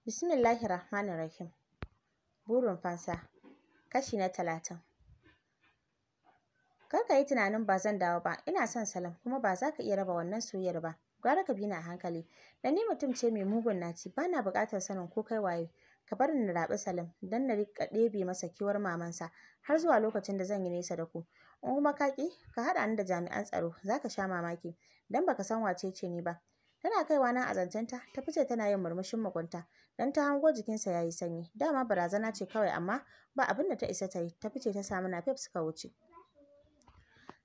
Bismillahi Rahmanir Rahim. Burin fansa kashi na talatin. Kar ka yi tunanin ba zan dawo ba, ina son Salam kuma ba za ka iya raba wannan soyayyar ba. Gara ka bi ni a hankali. Da ni mutum ce mai mugun naci, ba na buƙatar sanin ko kai waye. Ka bar ni na raɓi Salim don na riƙa ɗebe masa kewar mamansa har zuwa lokacin da zan yi nesa da ku. In kuma ka ƙi, ka haɗa ni da jami'an tsaro, za ka sha mamaki don baka san wace ce ni ba. Tana kaiwa nan a zancenta, ta fice tana yin murmushin mugunta, dan ta hango jikinsa ya yi sanyi. Dama barazana ce kawai amma ba abin da ta isa ta yi, ta fice ta samu Nafef suka wuce.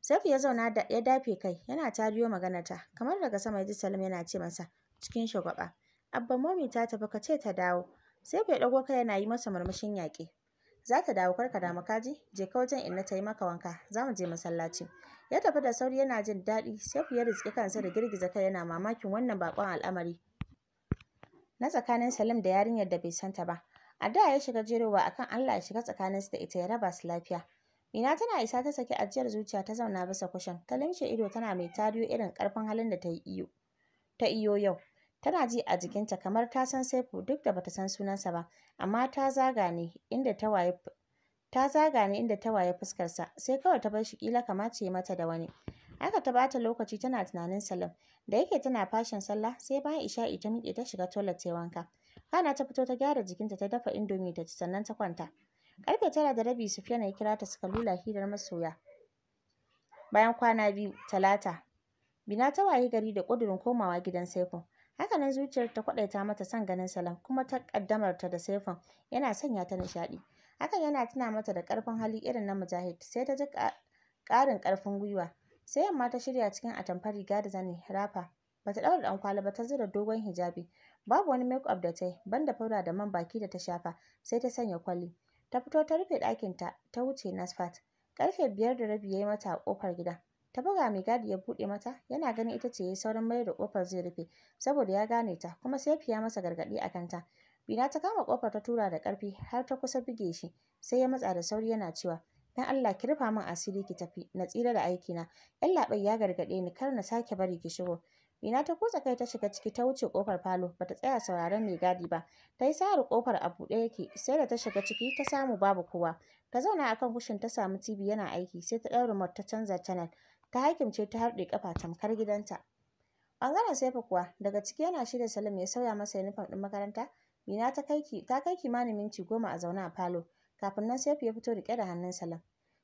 Safi ya zauna da ya dafe kai, yana tariyo ta kamar daga sama ya Salim yana ce masa cikin shugaba. Abba momi ta tafi ka ce ta dawo. sai Safi ya ɗago kai yana yi masa murmushin yaƙi. za ta dawo ka damu kaji je ka wajen inna ta yi maka wanka za mu je masallaci ya tafi da sauri yana jin daɗi ku ya riski kansa da girgiza kai yana mamakin wannan baƙon al'amari na tsakanin salim da yarinyar da bai san ta ba a da ya shiga jerowa akan allah ya shiga su da ita ya raba su lafiya Ina tana isa ta saki ajiyar zuciya ta zauna bisa kushin, ta ido tana mai tariyo irin ƙarfin halin da ta yi iyo. Ta iyo yau, Tana ji a jikinta kamar ta san Saifu duk da bata san sunansa ba, amma ta zaga ne inda waye ta zaga ne inda fuskar fuskarsa, sai kawai ta bar shi ƙila kama ce mata da wani. Haka ta bata lokaci tana tunanin Salim, da yake tana fashin sallah sai bayan isha'i ta miƙe ta shiga toilet ta wanka. Kana ta fito ta gyara jikinta ta dafa indomie ta ci sannan ta kwanta. Karfe tara da rabi Sufyan ya kira ta suka lula hirar masoya. Bayan kwana biyu, Talata, Bina ta waye gari da ƙudurin komawa gidan Saifu. haka nan zuciyar ta kwaɗayata mata son ganin Salam kuma ta ta da Saifan yana sanya ta nishaɗi. Hakan yana tuna mata da ƙarfin hali irin na Mujahid sai ta ji ƙarin ƙarfin gwiwa. Sai yamma ta shirya cikin atamfar riga da zani rafa bata ɗaura ɗankwali ba ta zura dogon hijabi babu wani make up da ta yi banda fauda da man baki da ta shafa sai ta sanya kwali Ta fito ta rufe ɗakinta ta ta wuce Nasfat. Ƙarfe biyar da rabi ya yi mata a ƙofar gidan. ta buga mai gadi ya buɗe mata yana ganin ita ce yayi saurin mayar da kofar zai rufe saboda ya gane ta kuma sai fiya masa gargaɗi a kanta Bina ta kama ƙofar ta tura da ƙarfi har ta kusa buge shi sai ya matsa da sauri yana cewa dan Allah ki rufa min asiri ki tafi na tsira da aikina na labai ya gargaɗe ni kar na sake bari ki shigo Bina ta kutsa kai ta shiga ciki ta wuce ƙofar falo bata tsaya sauraron mai gadi ba ta yi sa'ar ƙofar a buɗe yake sai da ta shiga ciki ta samu babu kowa ta zauna akan kushin ta samu TV yana aiki sai ta ɗau remote ta canza channel ta hakimce ta harɗe ƙafa tamkar gidanta ɓangaren saifa kuwa daga ciki yana shirya salim ya sauya masa yunifom ɗin makaranta mina ta kai ta kai kimanin minti goma a zaune a falo kafin nan saifu ya fito riƙe da hannun salim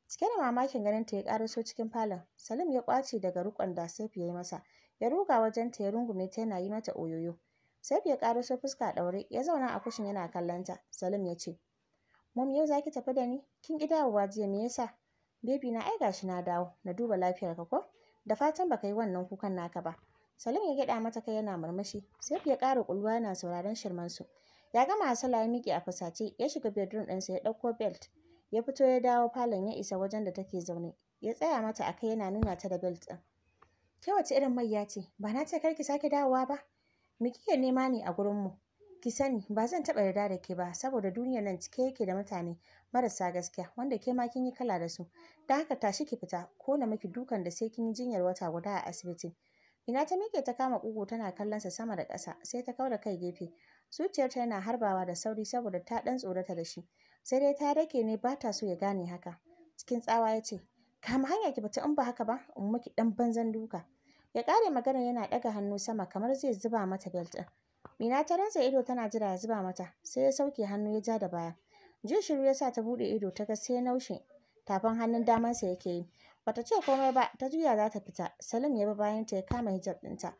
cike da mamakin ganin ta ya ƙaraso cikin falon salim ya ƙwace daga riƙon da saifu ya yi masa ya ruga wajen ta ya rungume ta yana yi mata oyoyo saifu ya ƙaraso fuska a ɗaure ya zauna a kushin yana kallon ta salim ya ce mum yau za ki tafi da ni kin ƙi dawowa jiya me yasa Baby na ai gashi na dawo, na duba lafiyar ka, ko? Da fatan baka yi wannan kukan naka ba. Salim ya gyaɗa mata kai yana murmushi, sai ya ƙara kulwa yana sauraron shirmansu. Ya gama hasala ya miƙe a fusace. ya shiga bedroom sa ya ɗauko belt. Ya fito ya dawo falon ya isa wajen da take zaune. Ya tsaya mata akai yana nuna ta da belt ɗin. Ke wace irin ya ce? Ba na ce kar ki sake dawowa ba. Me kike nema ne a gurinmu? ki sani ba zan taɓa yarda da ke ba saboda duniyar nan cike yake da mutane marasa gaskiya wanda ke ma kin yi kala da su da haka tashi ki fita ko na miki dukan da sai kin yi jinyar wata guda a asibiti ina ta miƙe ta kama ƙugu tana kallonsa sama da ƙasa sai ta kauda kai gefe zuciyarta yana harbawa da sauri saboda ta ɗan tsorata da shi sai dai ta rage ne ba ta so ya gane haka cikin tsawa ya ce kama hanya ki fita in ba haka ba in miki ɗan banzan duka ya ƙare magana yana ɗaga hannu sama kamar zai zuba mata belt ɗin Mina ta rantsa ido tana jira ya zuba mata, sai ya sauke hannu ya ja da baya. Jin shiru ya sa ta buɗe ido ta ga sai ya naushe tafin hannun damansa yake yi. Bata ce komai ba, ta juya za ta fita. Salim ya bi ta ya kama hijab ɗinta.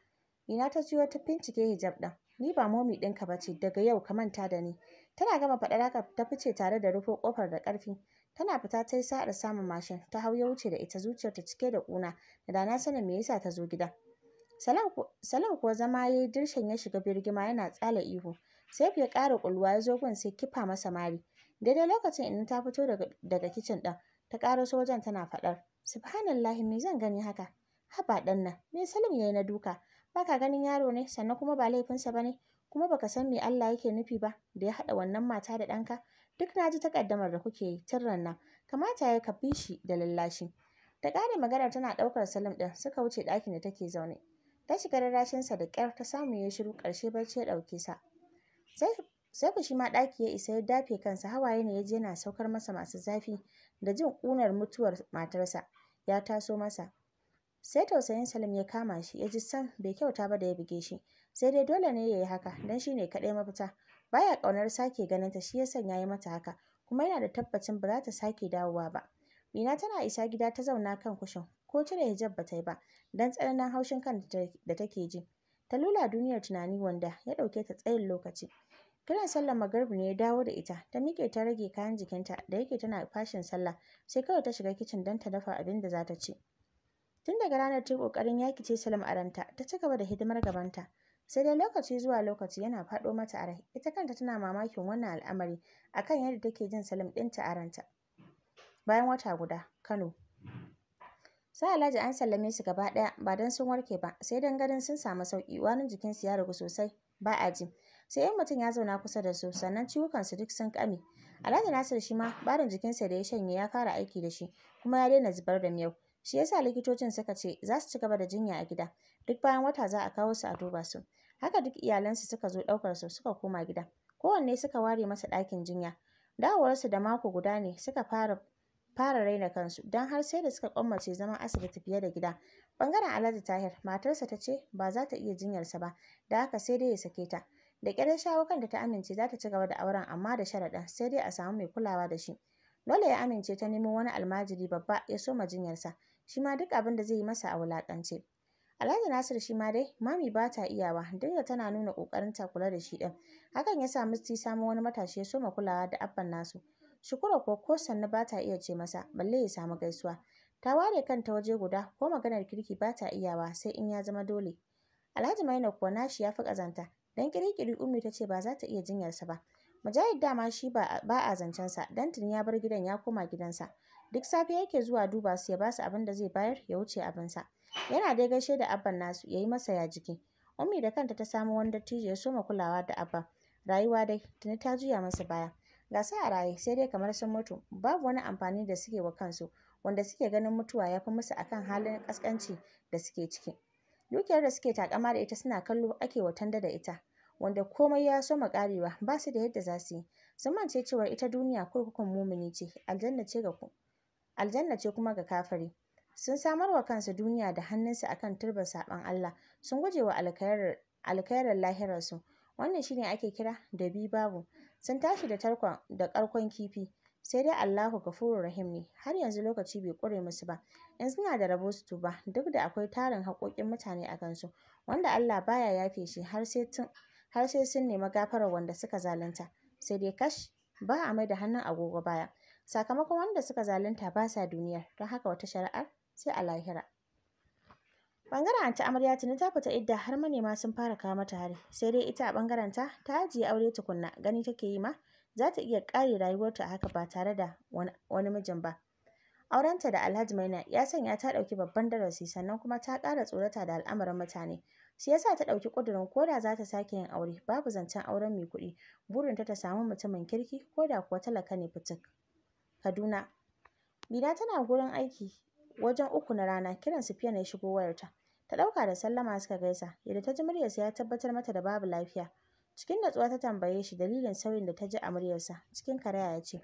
Mina ta juyo ta bincike hijab ɗin. Ni ba momi ɗinka ba ce, daga yau ka manta da ni. Tana gama faɗar haka ta fice tare da rufe ƙofar da ƙarfi. Tana fita ta yi sa'ar samun mashin, ta hau ya wuce da ita zuciyarta cike da ƙuna. Da na sanin me yasa ta zo gida. Salam kuwa zama ya yi dirshan ya shiga birgima yana tsala ihu. Saif ya ƙara ƙulwa ya zo gun sai kifa masa mari. Daidai lokacin inna ta fito daga kicin ɗin ta so wajen tana faɗar. Subhanallahi me zan gani haka? Haba ɗan nan, me Salim ya yi na duka? Ba ka ganin yaro ne sannan kuma ba laifinsa ba ne? Kuma baka san me Allah yake nufi ba da ya haɗa wannan mata da ɗanka? Duk na ji takaddamar da kuke yi tun nan Kamata ya ka bi shi da lallashi. Ta ƙarin maganar tana ɗaukar Salim ɗin suka wuce ɗakin da take zaune. ta shiga sa da ƙyar ta samu ya shiru ƙarshe barci ya ɗauke sa sai ku shi ma ɗaki ya isa ya dafe kansa hawaye ne ya je yana saukar masa masu zafi da jin ƙunar mutuwar matarsa ya taso masa sai tausayin salim ya kama shi ya ji sam bai kyauta ba da ya buge shi sai dai dole ne ya yi haka don shi ne kaɗai mafita baya ƙaunar sake ganin ta shi ya sanya ya mata haka kuma yana da tabbacin ba za ta sake dawowa ba Mina tana isa gida ta zauna kan kushin ko cire hijab ba ta yi ba don tsananin haushin kan da take ji. Ta lula duniyar tunani wanda ya ɗauke ta tsayin lokaci. Kiran sallar magarbi ne ya dawo da ita, ta miƙe ta rage kayan jikinta da yake tana fashin sallah, sai kawai ta shiga kicin don ta dafa abin da za ta ci. Tun daga ranar ta yi ƙoƙarin yakice Salim a ranta, ta ci gaba da hidimar gabanta. Sai dai lokaci zuwa lokaci yana faɗo mata a rai, ita kanta tana mamakin wannan al'amari akan yadda take jin Salim ɗinta a ranta. Bayan wata guda, Kano. sai alhaji an sallame su gaba ɗaya ba don sun warke ba sai don ganin sun samu sauki warin jikinsu ya ragu sosai ba a ji sai yan mutum ya zauna kusa da su sannan ciwukan su duk sun kame alhaji nasir shi ma barin jikinsa da ya shanye ya fara aiki da shi kuma ya daina zubar da miyau shi yasa likitocin suka ce za su ci gaba da jinya a gida duk bayan wata za a kawo su a duba su haka duk iyalansu suka zo ɗaukar su suka koma gida kowanne suka ware masa ɗakin jinya dawowarsu da mako guda ne suka fara fara raina kansu don har sai da suka kwammace zaman asibiti fiye da gida. bangaren Alhaji Tahir matarsa ta ce ba za ta iya jinyarsa ba da haka sai dai ya sake ta. Da ƙyar shawo kan da ta amince za ta ci gaba da auren amma da sharaɗin sai dai a samu mai kulawa da shi. Dole ya amince ta nemo wani almajiri babba ya soma jinyarsa shi ma duk abin da zai yi masa a wulaƙance. Alhaji Nasir shi ma dai mami ba ta iyawa duk da tana nuna ƙoƙarinta kula da shi ɗin. Hakan ya sa Musti samo wani matashi ya soma kulawa da abban nasu. Shukura kuwa ko sannu ba ta iya ce masa balle ya samu gaisuwa. Ta ware kanta waje guda ko maganar kirki ba ta iyawa sai in ya zama dole. Alhaji Maina kuwa nashi ya fi ƙazanta Dan kirikiri Ummi ta ce ba za ta iya jinyarsa ba. Mujahid dama shi ba ba a zancensa dan tun ya bar gidan ya koma gidansa. Duk safe yake zuwa duba su ya ba su abin da zai bayar ya wuce abinsa. Yana dai gaishe da abban nasu ya yi masa ya jiki. Ummi da kanta ta samu wani dattijo ya soma kulawa da abba Rayuwa dai tuni ta juya masa baya. ga su a raye sai dai kamar sun mutu babu wani amfani da suke wa kansu wanda suke ganin mutuwa ya fi musu akan halin ƙasƙanci da suke ciki dukiyar da suke takama da ita suna kallo ake tanda da ita wanda komai ya soma ƙarewa, ba su da yadda za su yi sun mance cewar ita duniya kurkukun mumuni ce aljanna ce aljanna ce kuma ga kafiri sun samar wa kansu duniya da hannunsu akan turbar saɓan Allah sun guje wa alkhairar lahirarsu wannan shine ake kira da bi babu sun tashi da tarkon da karkon kifi sai dai Allahu gafuru rahim ne har yanzu lokaci bai ƙure musu ba in suna da rabo su tuba duk da akwai tarin haƙoƙin mutane a kansu wanda Allah baya yafe shi har sai tun har sai sun nemi gafarar wanda suka zalunta sai dai kash ba a mai da hannun agogo baya sakamakon wanda suka zalunta ba sa duniyar don haka wata shari'ar sai a lahira Bangaren anti amarya tuni ta fita idda har manema sun fara kawo mata hari. Sai dai ita a bangaren ta ta ajiye aure tukunna gani take yi ma za ta iya kare rayuwarta a haka ba tare da wani mijin ba. Aurenta da Alhaji Maina ya sanya ta ɗauki babban darasi sannan kuma ta ƙara tsorata da al'amarin mutane. Shi yasa ta ɗauki kudurin ko da za ta sake yin aure babu zancen auren mai kuɗi. Burinta ta ta samu mutumin kirki koda da kuwa talaka ne fitik. Kaduna Bina tana gurin aiki wajen uku na rana kiran Sufiyan na shigo wayarta. ta ɗauka da sallama suka gaisa yadda ta ji muryarsa ya tabbatar mata da babu lafiya cikin natsuwa ta tambaye shi dalilin sauyin da ta ji a muryarsa cikin karaya ya ce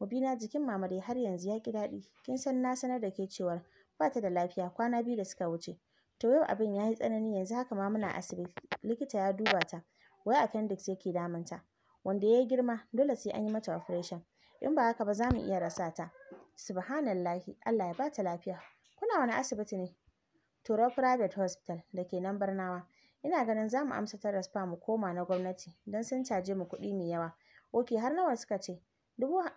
mubina jikin mama dai har yanzu ya ki daɗi kin san na sanar da ke cewa ba ta da lafiya kwana biyu da suka wuce to yau abin ya yi tsanani yanzu haka ma muna asibiti likita ya duba ta wai appendix yake damunta wanda ya yi girma dole sai an yi mata operation in ba haka ba za mu iya rasa ta subhanallahi Allah ya ba ta lafiya kuna wani asibiti ne Turo Private Hospital da ke nan Barnawa. Ina ganin za mu amsa ta rasfa mu koma na gwamnati don sun caje mu kuɗi mai yawa. Ok har nawa suka ce?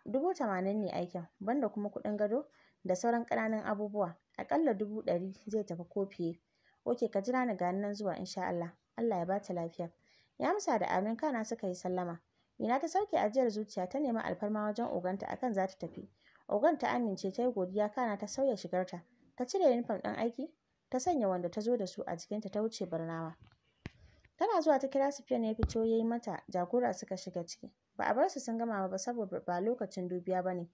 Dubu tamanin ne aikin, banda kuma kuɗin gado da sauran ƙananan abubuwa. Aƙalla dubu ɗari zai tafi ko fiye. Ok ka jira ni gani nan zuwa insha Allah. Allah ya ba ta lafiya. Ya amsa da amin kana suka yi sallama. Ina ta sauke ajiyar zuciya ta nemi alfarma wajen oganta akan za ta tafi. Ogan ta amince ta yi godiya kana ta sauya shigarta. Ta cire yunifom ɗin aiki ta sanya wanda ta zo da su a jikinta ta wuce nama. tana zuwa ta kira Sufiyan ya fito ya yi mata jagora suka shiga ciki ba a bar su sun gama ba saboda ba lokacin dubiya ba ne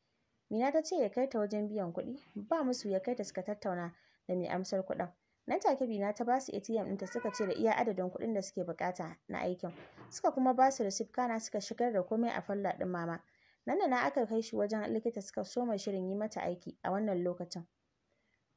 Mina ta ce ya kai ta wajen biyan kuɗi ba musu ya kai ta suka tattauna da mai amsar kuɗin nan take Mina ta ba su ATM ɗinta suka ce da iya adadin kuɗin da suke buƙata na aikin suka kuma ba su receipt kana suka shigar da komai a falla ɗin mama nan da na aka kai shi wajen likita suka soma shirin yi mata aiki a wannan lokacin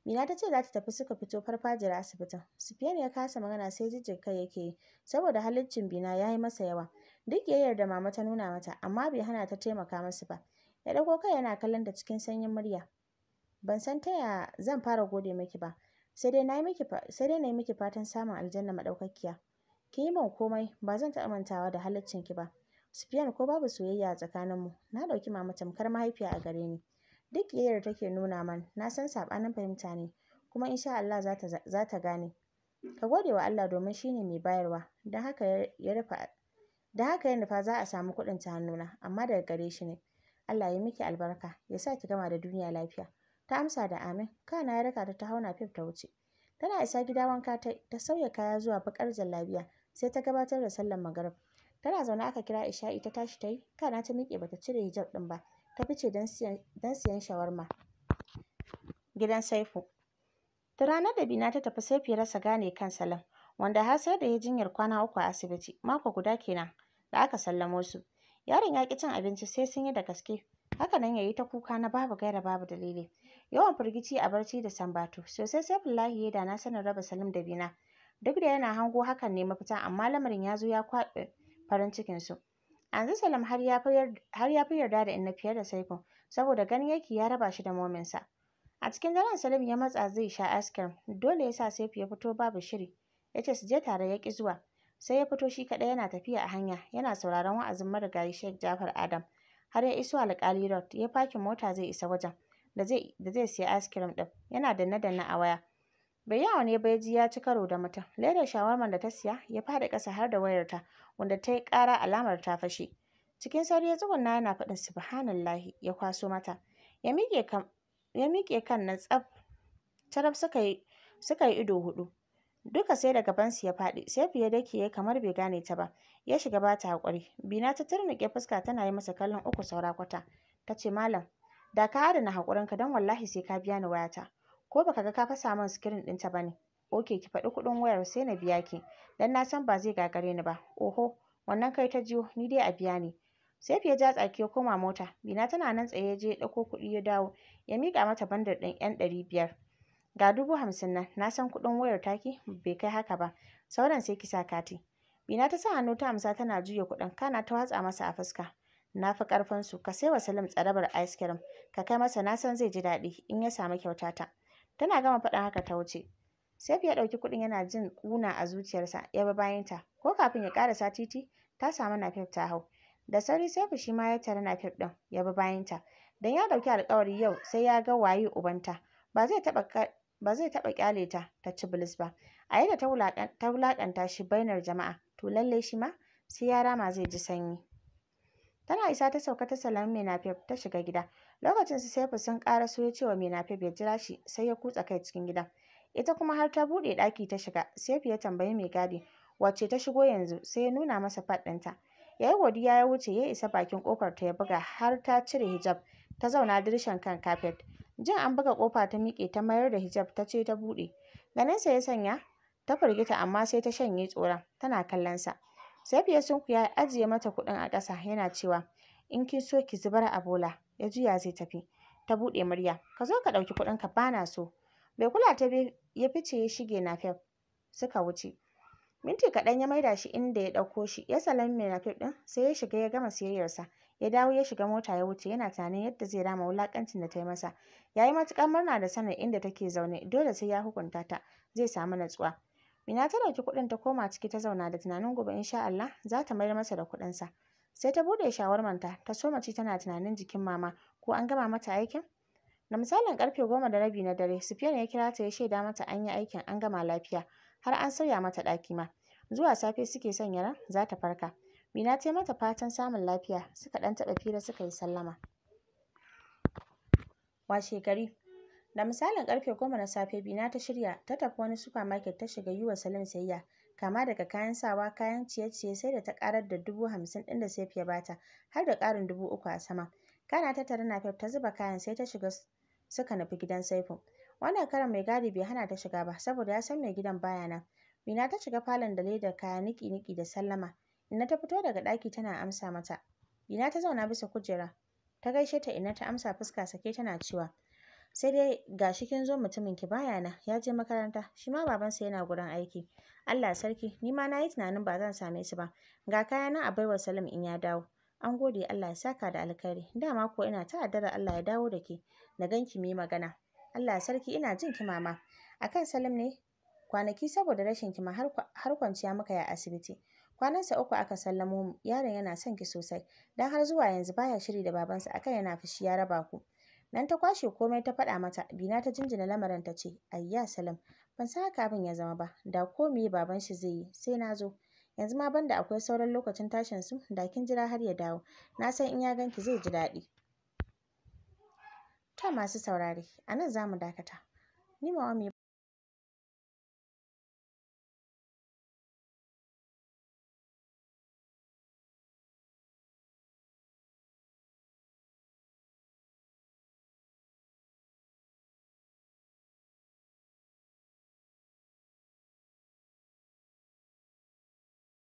Mina ta ce za ta tafi suka fito farfajiyar asibitin. Sufiyan ya kasa magana sai jijjiga kai yake yi saboda haliccin Bina ya yi masa yawa. Duk ya da mama ta nuna mata amma bai hana ta taimaka masu ba. Ya ɗauko kai yana kallon ta cikin sanyin murya. Ban san ta ya zan fara gode miki ba. Sai dai na yi miki sai dai na miki fatan samun aljanna maɗaukakiya. Ki yi min komai ba zan taɓa mantawa da haliccin ki ba. Sufiyan ko babu soyayya a tsakaninmu na ɗauki mama tamkar mahaifiya a gare ni. Duk ƙiyayyar take nuna man, na san saɓanin fahimta ne, kuma in sha Allah za ta gane. Ka gode wa Allah domin shi ne mai bayarwa, da haka ya nufa za a samu kuɗin ta hannuna, amma daga gare shi ne. Allah ya miki albarka, ya sa ki gama da duniya lafiya. Ta amsa da amin, kana ya raka ta ta hau fif ta wuce. Tana isa gida wanka ta, sauya kaya zuwa baƙar jallabiya, sai ta gabatar da sallar magarib. Tana zaune aka kira Isha'i ta tashi ta yi, kana ta miƙe bata cire hijab ɗin ba. ta fice don siyan shawarma gidan Saifu. Da ranar da Bina ta tafi sai rasa gane kan Salam, wanda har sai da ya jinyar kwana uku a asibiti, mako guda kenan da aka sallamo su. Yaron ya ki cin abinci sai sun yi da gaske, haka nan ya yi ta kuka na babu gaira babu dalili. Yawan firgici a barci da sambatu, sosai sai Fulahi ya dana na sanin raba Salim da Bina. Duk da yana hango hakan ne mafita amma lamarin ya zo ya kwaɓe farin cikinsu. A yanzu har ya fi yarda da Inna fiye da Saiko, saboda ganin yake ya raba shi da mominsa. A cikin daren Salim ya matsa zai sha askar, dole ya sa Saifu ya fito babu shiri. yace su je tare ya ki zuwa. Sai ya fito shi kaɗai yana tafiya a hanya, yana sauraron wa'azin marigayi Sheikh Jafar Adam. Har ya iso alkali Road, ya fakin mota zai isa wajen, da zai siya askirim ɗin. Yana danne-danne a waya. bai yi ne ba ya ji ya ci karo da mutum ledar shawarmar da ta siya ya faɗi ƙasa har da wayarta wanda ta yi ƙara alamar ta fashe cikin sauri ya tsugunna yana faɗin subhanallahi ya kwaso mata ya miƙe kan ya nan tsaf taraf suka yi suka yi ido huɗu duka sai da gabansu ya faɗi sai fiye da ke kamar bai gane ta ba ya shiga ba ta haƙuri bina ta turnuƙe fuska tana yi masa kallon uku saura kwata ta ce malam da ka adana haƙurinka don wallahi sai ka biya ni wayata ko baka ga ka fasa min sikirin ɗinta ta bane. oke ki faɗi kuɗin wayar sai na biya ki dan na san ba zai gagare ni ba oho wannan kai ta jiyo ni dai a biya ne sai ya ja tsaki ya koma mota bina tana nan tsaye ya je ya ɗauko kuɗi ya dawo ya miƙa mata bandar ɗin 'yan ɗari biyar ga dubu hamsin nan na san kuɗin wayar taki bai kai haka ba sauran sai ki sa kati bina ta sa hannu ta amsa tana juya kuɗin kana ta watsa masa a fuska na fi ƙarfin su ka sai wa salim tsarabar ice cream ka kai masa na san zai ji daɗi in ya samu kyautata Tana gama faɗin haka ta wuce. Saif ya ɗauki kuɗin yana jin ƙuna a zuciyarsa ya bi bayanta ko kafin ya ƙarasa titi ta samu Nafef ta hau. Da sauri Saifu shi ma ya tare Nafef ɗin ya bi bayanta don ya ɗauki alƙawari yau sai ya ga waye ubanta ba zai taɓa ba ƙyale ta ta ci bilis ba. A yadda ta wulaƙanta shi bainar jama'a to lallai shi ma sai ya rama zai ji sanyi. Tana isa ta sauka ta salami mai Nafef ta shiga gida. Lokacin su Saifu sun ƙaraso ya ce wa Minafef ya jira shi sai ya kutsa kai cikin gidan. Ita kuma har ta buɗe ɗaki ta shiga, Saifu ya tambayi mai gadi wacce ta shigo yanzu sai ya nuna masa fat ɗinta. yayi godiya ya wuce ya isa bakin kofar ta ya buga har ta cire hijab ta zauna dirshan kan kafet. Jin an buga kofa ta miƙe ta mayar da hijab ta ce ta buɗe. sa ya sanya ta firgita amma sai ta shanye tsoron tana kallon sa Saifu ya sunkuya ya ajiye mata kuɗin a ƙasa yana cewa in kin so ki zubar a bola ya juya zai tafi ta buɗe murya ka zo ka ɗauki kuɗin ka bana so bai kula ta bi ya fice ya shige nafef suka wuce minti kaɗan ya maida shi inda ya ɗauko shi ya salami nafef ɗin sai ya shiga ya gama siyayyarsa ya dawo ya shiga mota ya wuce yana tunanin yadda zai rama wulaƙancin da ta yi masa ya yi matuƙar murna da sanin inda take zaune dole sai ya hukunta ta zai samu natsuwa Mina ta ɗauki kuɗin ta koma ciki ta zauna da tunanin gobe insha Allah za ta mayar masa da kuɗinsa. Sai ta buɗe shawarmanta, ta so mace tana tunanin jikin mama, ko an gama mata aikin? Da misalin ƙarfe goma da rabi na dare, Sufiyan ya kira ta ya shaida mata an yi aikin an gama lafiya, har an sauya mata ɗaki ma. Zuwa safe suke son ran za ta farka. Mina ta yi mata fatan samun lafiya, suka ɗan taɓa fira suka yi sallama. Washe gari, da misalin karfe goma na safe Bina ta shirya ta tafi wani supermarket ta shiga yi wa Salim sayayya. kama daga kayan sawa, kayan ciye-ciye sai da ta ƙarar da dubu hamsin ɗin da safiya ya bata har da ƙarin dubu uku a sama. Kana ta tare Nafef ta zuba kayan sai ta shiga suka nufi gidan Saifu. Wannan karan mai gadi bai hana ta shiga ba saboda ya san mai gidan baya nan. Mina ta shiga falon da ledar kaya niki-niki da sallama. Ina ta fito daga ɗaki tana amsa mata. Ina ta zauna bisa kujera. Ta gaishe ta Ina ta amsa fuska sake tana cewa sai dai ga shi kin zo mutumin ki baya na ya je makaranta shi ma babansa yana gurin aiki Allah sarki ni ma nayi tunanin ba zan same su ba ga kaya na a baiwar Salim in ya dawo an gode Allah ya saka da alkhairi dama ko ina ta addara Allah ya dawo da ke na ganki mai magana Allah sarki ina jin ki mama akan Salim ne kwanaki saboda rashin kima har kwanciya muka yi a asibiti kwanansa uku aka sallamo yaron yana son ki sosai dan har zuwa yanzu baya shiri da babansa akan yana fushi ya raba ku Nan ta kwashe komai ta faɗa mata, Bina ta jinjina lamarin ta ce, Ayya Salam, ban san haka abin ya zama ba, da ko me baban shi zai yi, sai na zo. Yanzu ma banda akwai sauran lokacin tashin su, da kin jira har ya dawo. Na san in ya ganki zai ji daɗi. Ta masu saurare, a nan za mu dakata. Ni Mawami